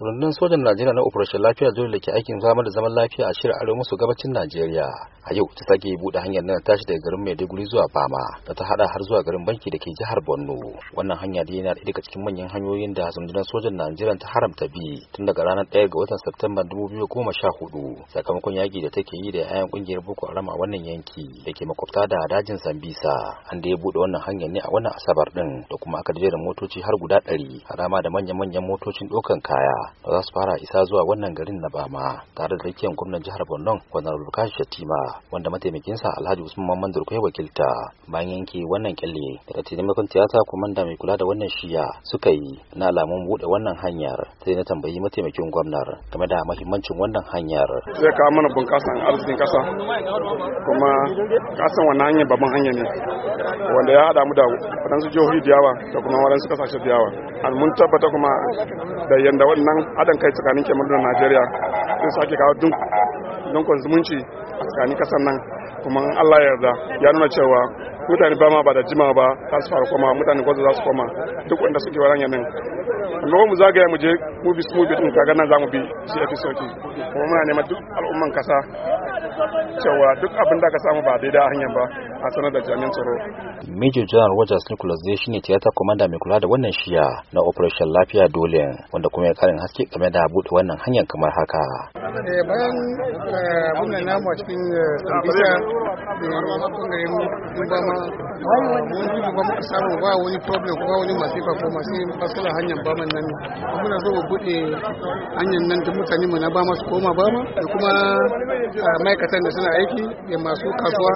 rundunar sojan najeriya na operation lafiya dole da ke aikin zama da zaman lafiya a shirin arewa masu gabacin najeriya a yau ta sake buɗe hanyar nan tashi daga garin maiduguri zuwa Bama, da ta hada har zuwa garin banki da ke jihar borno wannan hanya da yana daga cikin manyan hanyoyin da rundunar sojan najeriya ta haramta bi tun daga ranar 1 ga watan septemba 2014 sakamakon yaki da take yi da yayan kungiyar boko haram a wannan yanki da ke makwabta da dajin sambisa an da ya buɗe wannan hanyar ne a wannan asabar ɗin da kuma aka jera motoci har guda ɗari harama da manya-manyan motocin ɗaukan kaya ba za su fara isa zuwa wannan garin na Bama tare da rikiyar gwamnan jihar Borno Honorable Kashi Shatima wanda mataimakinsa Alhaji Usman Mamman Durko ya wakilta bayan yanke wannan kyalle da taimakon tiyata komanda mai kula da wannan shiya suka yi na alamun bude wannan hanyar sai na tambayi mataimakin gwamnar game da mahimmancin wannan hanyar zai kawo mana bunƙasan arzikin ƙasa kuma kasan wannan hanyar babban hanya ne wanda ya haɗa mu da waɗansu jihohi da yawa da kuma waɗansu ƙasashe da yawa al mun tabbata kuma da yanda wannan haɗin kai tsakanin kemar da najeriya sun sake kawo duk don zumunci a tsakanin kasar nan kuma allah yarda ya nuna cewa mutane ba ma ba da jima ba za su fara koma mutane gwaza za su koma duk wanda suke waran yanin amma mu zagaya mu je mu bi mu bi din kaga nan zamu bi shi yafi sauki kuma muna neman duk al'umman kasa cewa duk abin da ka samu ba daidai a hanyar ba a sanar da jami'an tsaro. Major General Rogers Nicholas zai shine tiyata komanda mai kula da wannan shiya na operation lafiya dole wanda kuma ya karin haske game da buɗe wannan hanyar kamar haka. Eh, bayan eh, muna namu a cikin tambisa da kungayen mun ba ma wani ba muka samu ba wani problem ko wani masifa ko masu matsala hanyar bama nan muna zo mu buɗe hanyar nan da mutane mu na ba masu koma ba ma da kuma eh, ma'aikatan da suna aiki da masu kasuwa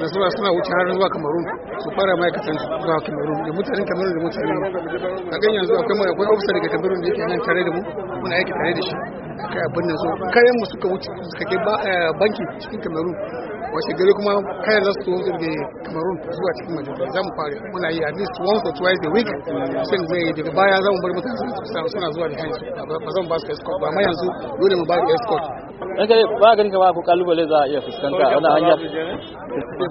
da suna suna wuce har zuwa kamarun su fara ma'aikatan su zuwa kamarun da mutanen kamarun da mutanen a kan yanzu akwai mai akwai ofisar daga kamarun da yake nan tare da mu muna aiki tare da shi kai abin nan so kayan mu suka wuce suka kai eh, banki cikin kamarun wace gari kuma kayan za su zo daga kamarun zuwa cikin majalisa za mu fara muna yi at least once or twice a week sai mu yi daga baya za mu bar mutane suna zuwa da kansu ba zan ba su escort ba amma yanzu dole mu ba su escort dan kai ba ganin ba ko kalubale za a iya fuskanta wannan hanya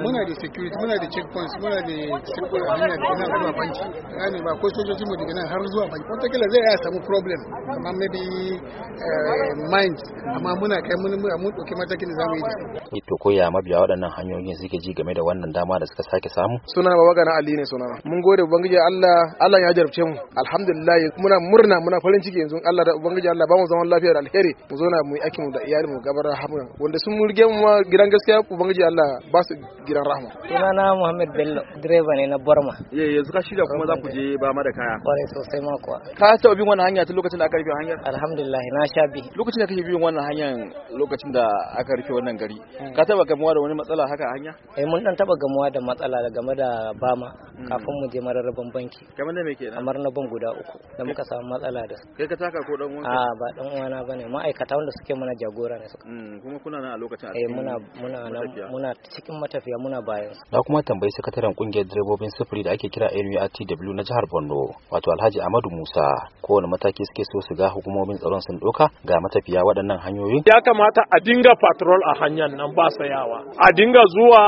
muna da security muna da checkpoints muna da security hanya da nan zuwa banki yani ba ko sojoji mu daga nan har zuwa banki wata kila zai ya samu problem amma maybe eh, mind amma muna kai mun mun dauki matakin da zamu yi eh, to ko ya mabiya waɗannan hanyoyin suke ji game da wannan dama da suka sake samu suna baba wagana ali ne suna mun gode ubangiji Allah Allah ya jarabce mu alhamdulillah muna murna muna farin ciki yanzu Allah da ubangiji Allah ba mu zaman lafiya da alheri mu zo na mu yi aikin mu da iyali mu gabar rahama wanda sun murge mu gidan gaskiya ubangiji Allah ba su gidan rahama sunana Muhammad Bello direba ne na Borma eh yanzu ka shirya kuma za ku je ba ma da kaya kwarai sosai ma kuwa ka taɓa bin wannan hanya tun lokacin da aka rufe hanyar alhamdulillah na sha bi lokacin da kake bin wannan hanyar lokacin da aka rufe wannan gari ka taɓa gamuwa da wani matsala haka hanya eh mun dan taɓa gamuwa da matsala game da bama hmm. kafin mu je mararraban banki kamar da me kenan kamar na ban guda uku da muka samu matsala da kai ka taka ko dan uwanka a ba dan uwana bane ma'aikata wanda suke mana jagora Mm, kuma kuna nan a lokacin eh, a muna nan muna cikin matafiya muna bayan na kuma tambayi sakataren kungiyar direbobin sufuri da ake kira NURTW na jihar Borno wato Alhaji Ahmadu Musa kowane mataki suke so su ga hukumomin tsaron sun doka ga matafiya waɗannan hanyoyi ya kamata a dinga patrol a hanyar nan ba sayawa a dinga zuwa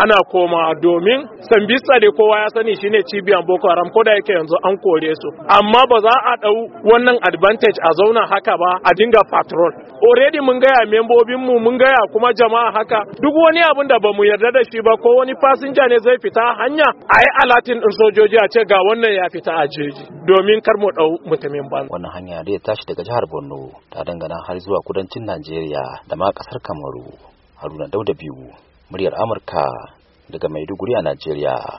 ana koma domin sambisa da kowa ya sani shine cibiyan Boko Haram ko da yake yanzu an kore su amma ba za a dau wannan advantage a zauna haka ba a dinga patrol already mun gaya gaya mu, mun gaya kuma jama'a haka duk wani abin da bamu yarda da shi ba ko wani fasinja ne zai fita hanya ai alatin ɗin sojoji a ce ga wannan ya fita a jeji domin kar mu ɗau mutumin ba. Wannan hanya da ya tashi daga jihar Borno ta dangana har zuwa kudancin Najeriya da ma ƙasar Kamaru. Haruna Dauda biyu, muryar Amurka daga Maiduguri a Najeriya.